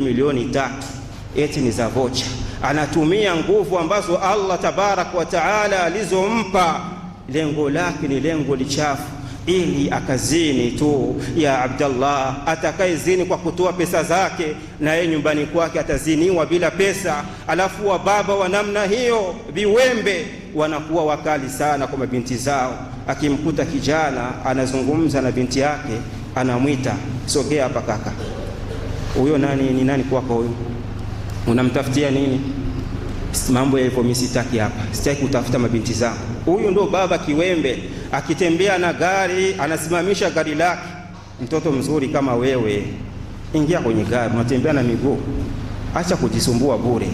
milioni tatu eti ni za vocha. Anatumia nguvu ambazo Allah tabaraka wa taala alizompa, lengo lake ni lengo lichafu, ili akazini tu. Ya Abdallah, atakayezini kwa kutoa pesa zake, na yeye nyumbani kwake ataziniwa bila pesa. Alafu wa baba wa namna hiyo, viwembe, wanakuwa wakali sana kwa mabinti zao. Akimkuta kijana anazungumza na binti yake, anamwita sogea hapa kaka huyo nani ni nani kwako huyo? Unamtafutia nini? Mambo yalivyo, mimi hapa, sitaki kutafuta mabinti zangu. Huyu ndo baba kiwembe, akitembea na gari anasimamisha gari lake. Mtoto mzuri kama wewe, ingia kwenye gari, unatembea na miguu, acha kujisumbua bure.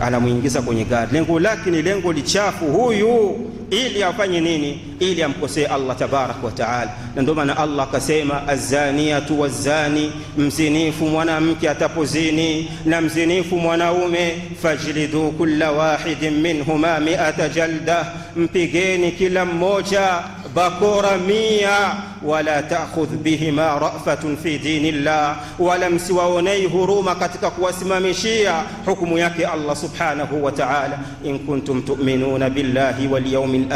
Anamuingiza kwenye gari, lengo lake ni lengo lichafu huyu ili afanye nini? Ili amkosee Allah tabaraka wa taala. Na ndio maana Allah akasema, azaniatu wazzani mzinifu mwanamke atapozini na mzinifu mwanaume, fajlidu kulla wahidin minhuma miata jalda, mpigeni kila mmoja bakora mia wala ta'khudh bihima ra'fatun fi dinillah, wala msiwaonei huruma katika kuwasimamishia hukumu yake Allah subhanahu wa ta'ala. In kuntum tu'minuna billahi wal yawmil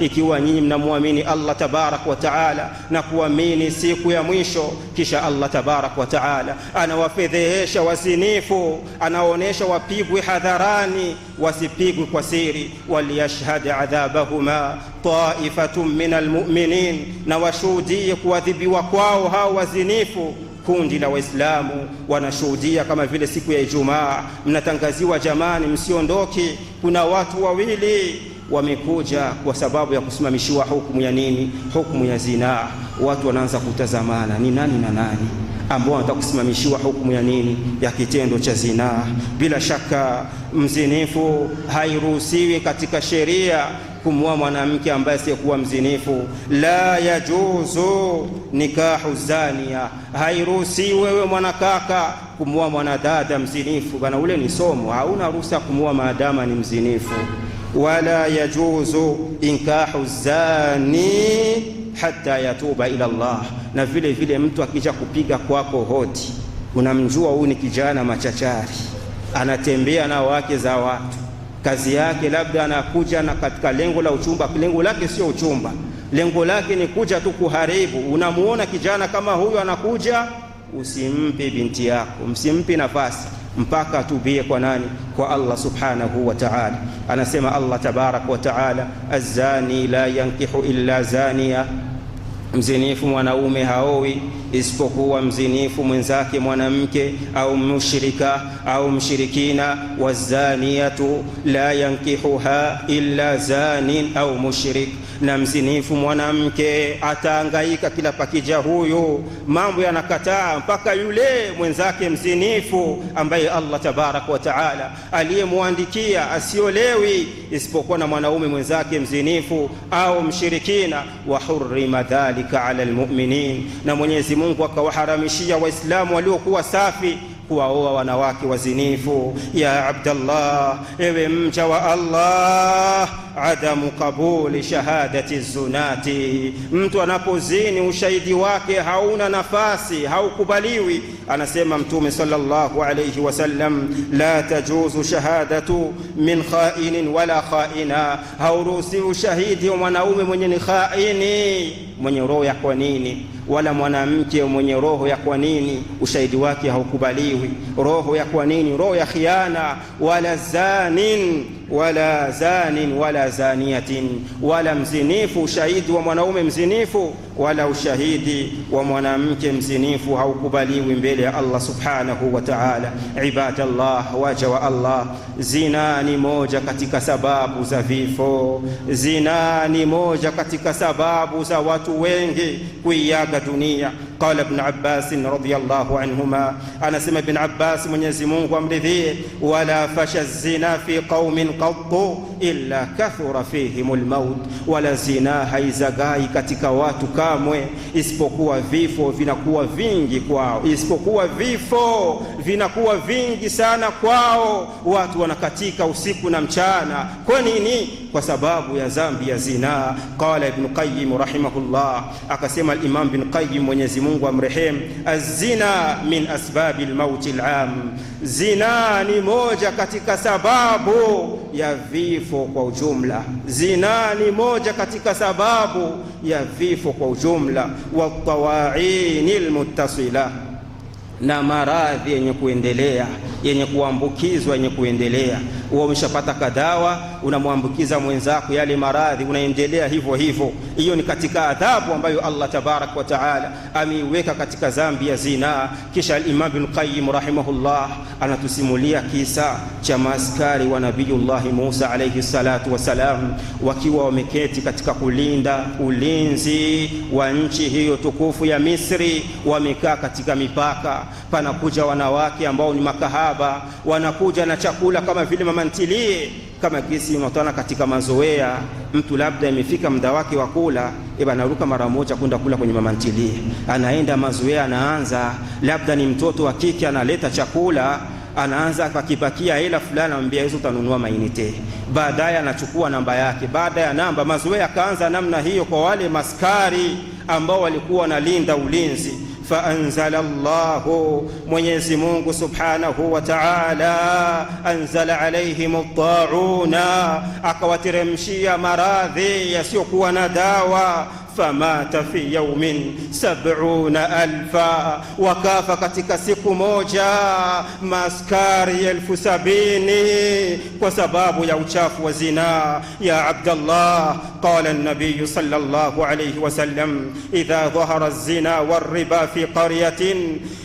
ikiwa nyinyi mnamwamini Allah tabarak wa ta'ala na kuamini siku ya mwisho. Kisha Allah tabarak wa ta'ala anawafedhehesha wasinifu, anawaonesha wapigwe hadharani, wasipigwe kwa siri. Waliyashhad adhabahuma ta'ifatun minal mu'minin na wanashuhudia kuadhibiwa kwao hao wazinifu. Kundi la Waislamu wanashuhudia kama vile siku ya Ijumaa mnatangaziwa, jamani, msiondoki, kuna watu wawili wamekuja kwa sababu ya kusimamishiwa hukumu ya nini? Hukumu ya zinaa. Watu wanaanza kutazamana, ni nani na nani ambao wanataka kusimamishiwa hukumu ya nini? Ya kitendo cha zinaa. Bila shaka mzinifu hairuhusiwi katika sheria kumwoa mwanamke ambaye asiyekuwa mzinifu. La yajuzu nikahu zania, hairuhusi wewe mwanakaka kumwoa mwanadada mzinifu. Bana, ule ni somo, hauna ruhusa kumwoa maadama ni mzinifu. Wala yajuzu inkahu zani hata yatuba ila Allah. Na vile vile mtu akija kupiga kwako hoti, unamjua huyu ni kijana machachari, anatembea na wake za watu kazi yake labda anakuja na katika lengo la uchumba. Lengo lake sio uchumba, lengo lake ni kuja tu kuharibu. Unamuona kijana kama huyo anakuja, usimpe binti yako, msimpe nafasi mpaka atubie kwa nani? Kwa Allah subhanahu wa ta'ala. Anasema Allah tabaraka wa ta'ala, azani la yankihu illa zania Mzinifu mwanaume haowi isipokuwa mzinifu mwenzake mwanamke au mushrika au mshirikina. wazaniatu la yankihuha illa zanin au mushrik na mzinifu mwanamke ataangaika kila pakija huyu, mambo yanakataa mpaka yule mwenzake mzinifu ambaye Allah tabaraka wa taala aliyemwandikia asiolewi isipokuwa na mwanaume mwenzake mzinifu au mshirikina. Wa hurrima dhalika ala almu'minin, na Mwenyezi Mungu akawaharamishia Waislamu waliokuwa safi kuwaoa wanawake wazinifu. Ya Abdallah, ewe mja wa Allah, adamu kabuli shahadati zunati, mtu anapozini ushahidi wake hauna nafasi, haukubaliwi. Anasema Mtume sallallahu alayhi wasallam, la tajuzu shahadatu min khainin wala khaina, hauruhusi ushahidi wa mwanaume mwenye ni khaini, mwenye roho ya kwa nini wala mwanamke mwenye roho ya kwa nini ushahidi wake haukubaliwi, roho ya kwa nini, roho ya khiana, wala zanin wala zanin wala zaniyatin, wala mzinifu, ushahidi wa mwanaume mzinifu wala ushahidi wa mwanamke mzinifu haukubaliwi mbele ya Allah subhanahu wa ta'ala. Ibadallah, waja wa Allah, zina ni moja katika sababu za vifo. Zina ni moja katika sababu za watu wengi kuiaga dunia. Qala Ibn Abbas radhiyallahu anhuma, anasema Ibn Abbas, Mwenyezi Mungu amridhie, wala fasha zina fi qaumin qattu illa kathura fihimul maut, wala zina haizagai katika watu kamwe, isipokuwa vifo vinakuwa vingi kwao, isipokuwa vifo vinakuwa vingi sana kwao. Watu wanakatika usiku na mchana. Kwa nini? Kwa sababu ya dhambi ya zina. Qala Ibn Qayyim rahimahullah, akasema al-Imam Ibn Qayyim, Mwenyezi Mungu amrehemu. Azina min asbabi lmauti lam, zina ni moja katika sababu ya vifo kwa ujumla. Zina ni moja katika sababu ya vifo kwa ujumla. Watawaini lmuttasila, na maradhi yenye kuendelea yenye kuambukizwa yenye kuendelea huwa umeshapata kadawa, unamwambukiza mwenzako yale maradhi, unaendelea hivyo hivyo. Hiyo ni katika adhabu ambayo Allah tabarak wa taala ameiweka katika zambi ya zinaa. Kisha al-Imam Qayyim rahimahullah anatusimulia kisa cha maaskari wa Nabiyullahi Musa alayhi salatu wasalam, wakiwa wameketi katika kulinda ulinzi wa nchi hiyo tukufu ya Misri, wamekaa katika mipaka, panakuja wanawake ambao ni makahaba, wanakuja na chakula kama vile mama ntilie, kama gesi unatana katika mazoea, mtu labda imefika muda wake wa kula, eba naruka mara moja kwenda kula kwenye mama ntilie, anaenda mazoea, anaanza labda ni mtoto wa kike analeta chakula anaanza akakipakia hela fulani, anamwambia hizo utanunua mainite. Baadaye anachukua namba yake, baada ya namba mazoea akaanza namna hiyo, kwa wale maskari ambao walikuwa wanalinda ulinzi فأنزل الله مونيزي مونغو سبحانه وتعالى أنزل عليهم الطاعون أقوى ترمشي مراذي يسوق ونداوى فمات في يوم سبعون ألفا وكاف كتك موجا ماسكاري الف سبيني وسباب يوشاف وزنا يا عبد الله قال النبي صلى الله عليه وسلم إذا ظهر الزنا والربا في قرية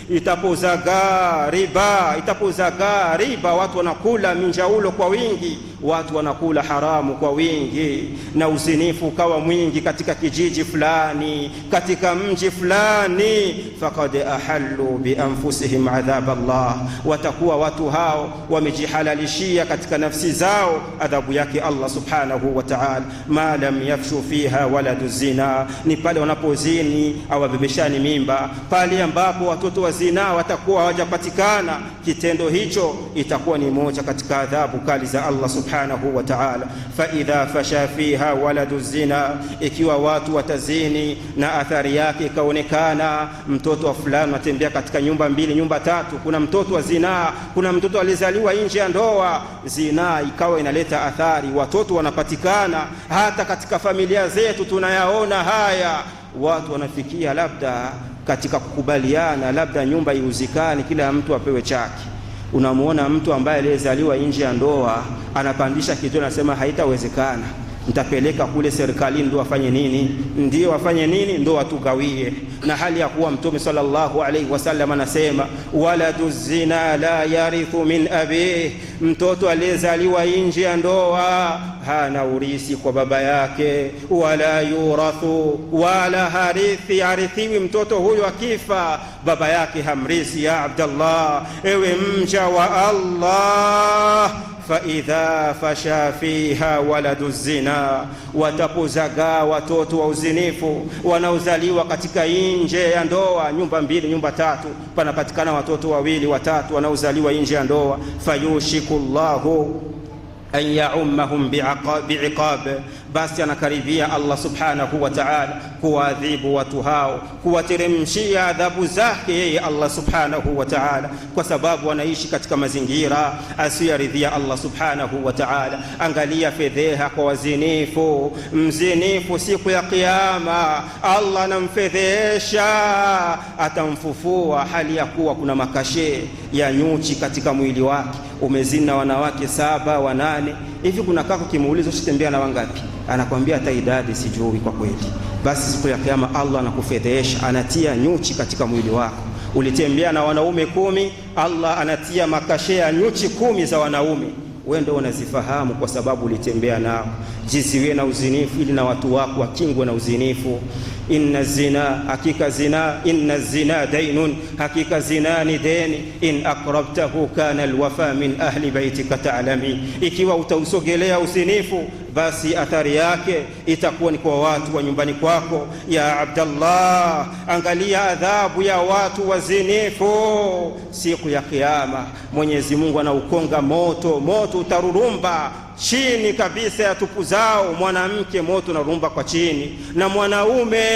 itapozaga riba, itapozaga riba, watu wanakula minjaulo kwa wingi, watu wanakula haramu kwa wingi, na uzinifu ukawa mwingi katika kijiji fulani, katika mji fulani, faqad ahallu bi anfusihim adhab Allah, watakuwa watu hao wamejihalalishia katika nafsi zao adhabu yake Allah subhanahu wa ta'ala. Ma lam yafshu fiha waladu zina, ni pale wanapozini au wabebeshani mimba, pale ambapo watoto wa zina zinaa watakuwa hawajapatikana, kitendo hicho itakuwa ni moja katika adhabu kali za Allah subhanahu wa ta'ala. Fa idha fasha fiha waladu zina, ikiwa watu watazini na athari yake ikaonekana, mtoto wa fulani atembea katika nyumba mbili, nyumba tatu, kuna mtoto wa zinaa, kuna mtoto alizaliwa nje ya ndoa, zinaa ikawa inaleta athari, watoto wanapatikana. Hata katika familia zetu tunayaona haya, watu wanafikia labda katika kukubaliana, labda nyumba iuzikane, kila mtu apewe chake. Unamuona mtu ambaye aliyezaliwa nje ya ndoa anapandisha kitu, anasema haitawezekana, nitapeleka kule serikalini, ndio wafanye nini, ndio wafanye nini, ndo watugawie na hali ya kuwa Mtume sallallahu alaihi wasallam anasema, waladu zina la yarithu min abih, mtoto aliyezaliwa nje ya ndoa hana urisi kwa baba yake, wala yurathu, wala harithi, arithiwi mtoto huyo akifa baba yake hamrisi. Ya Abdallah, ewe mja wa Allah faidha fasha fiha waladu zina, watapozagaa watoto wa uzinifu wanaozaliwa katika nje ya ndoa, nyumba mbili, nyumba tatu, panapatikana watoto wawili watatu wanaozaliwa nje ya ndoa. fayushiku llahu an yaumahum biiqabe basi anakaribia Allah subhanahu wa ta'ala kuwaadhibu watu hao, kuwateremshia adhabu zake yeye Allah subhanahu wa ta'ala, kwa sababu wanaishi katika mazingira asiyaridhia Allah subhanahu wa ta'ala. Angalia fedheha kwa wazinifu. Mzinifu siku ya Kiyama Allah anamfedhesha, atamfufua hali ya kuwa kuna makashe ya nyuchi katika mwili wake. Umezina wanawake saba wanane hivi kuna kako kimuuliza usitembea na wangapi, anakwambia hata idadi sijui kwa kweli. Basi siku ya kiyama Allah anakufedhesha, anatia nyuchi katika mwili wako. Ulitembea na wanaume kumi, Allah anatia makashe ya nyuchi kumi za wanaume wewe ndio unazifahamu kwa sababu ulitembea nao. Jiziwe na uzinifu ili na watu wako wakingwe na uzinifu. Inna zina, hakika zina. Inna zina dainun, hakika zina ni deni. In akrabtahu kana alwafa min ahli baitika ta'lami, ikiwa utausogelea uzinifu basi athari yake itakuwa ni kwa watu wa nyumbani kwako. Ya Abdallah, angalia adhabu ya watu wazinifu siku ya Kiyama. Mwenyezi Mungu anaukonga moto, moto utarurumba chini kabisa ya tupu zao, mwanamke moto unarumba kwa chini, na mwanaume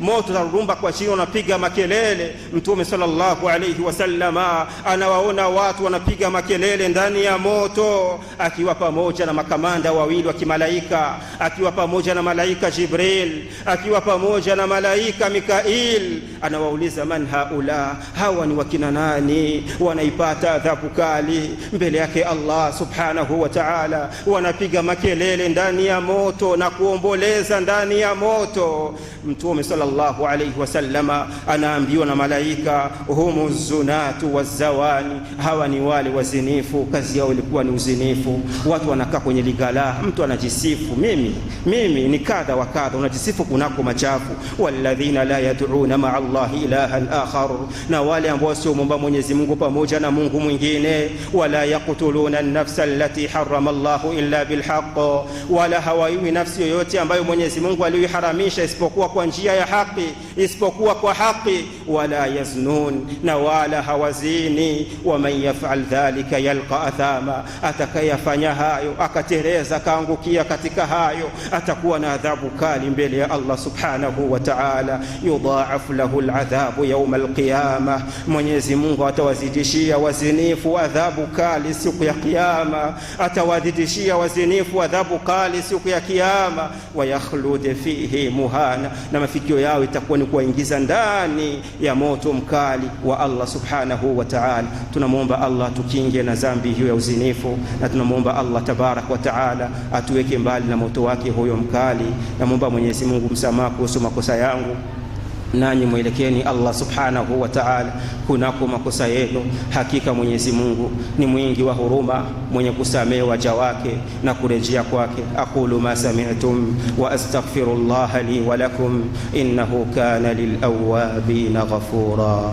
moto unarumba kwa chini, wanapiga makelele. Mtume sallallahu alayhi wasallama anawaona watu wanapiga makelele ndani ya moto, akiwa pamoja na makamanda wawili wa kimalaika, akiwa pamoja na malaika Jibril, akiwa pamoja na malaika Mikail. Anawauliza, man haula, hawa ni wakina nani? Wanaipata adhabu kali mbele yake Allah subhanahu wa ta'ala wanapiga makelele ndani ya moto na kuomboleza ndani ya moto. Mtume sallallahu alayhi wasallama anaambiwa na malaika, humu zunatu wazawani, hawa ni wale wazinifu, kazi yao ilikuwa ni uzinifu. Watu wanakaa kwenye ligala, mtu anajisifu, mimi mimi ni kadha wa kadha, unajisifu kunako machafu. Walladhina la yad'una ma'a Allahi ilahan akhar, na wale ambao sio muomba Mwenyezi Mungu pamoja na Mungu mwingine. Wala yaqtuluna an-nafsa allati harrama Allahu alhaqu illa bilhaq, wala hawaiwi nafsi yoyote ambayo Mwenyezi Mungu aliyoiharamisha isipokuwa kwa njia ya haki, isipokuwa kwa haki. Wala yaznun, na wala hawazini. Waman yafal dhalika yalqa athama, atakayafanya hayo akatereza akaangukia katika hayo atakuwa na adhabu kali mbele ya Allah subhanahu wa ta'ala. Yudhaafu lahu aladhabu yawma alqiyama, Mwenyezi Mungu atawazidishia wazinifu adhabu kali siku ya Kiyama, atawadhidishia kuwashushia wazinifu adhabu kali siku ya Kiyama, wayakhlud fihi muhana, na mafikio yao itakuwa ni kuwaingiza ndani ya moto mkali wa Allah subhanahu wa ta'ala. Tunamwomba Allah tukinge na dhambi hiyo ya uzinifu, na tunamwomba Allah tabarak wa taala atuweke mbali na moto wake huyo mkali. Namwomba Mwenyezi Mungu msamaha kuhusu makosa yangu nanyi mwelekeni Allah subhanahu wa ta'ala kunako makosa yenu. Hakika Mwenyezi Mungu ni mwingi wa huruma, mwenye kusamehe waja wake na kurejea kwake. aqulu ma sami'tum wa astaghfirullaha li wa lakum innahu kana lilawabina ghafura.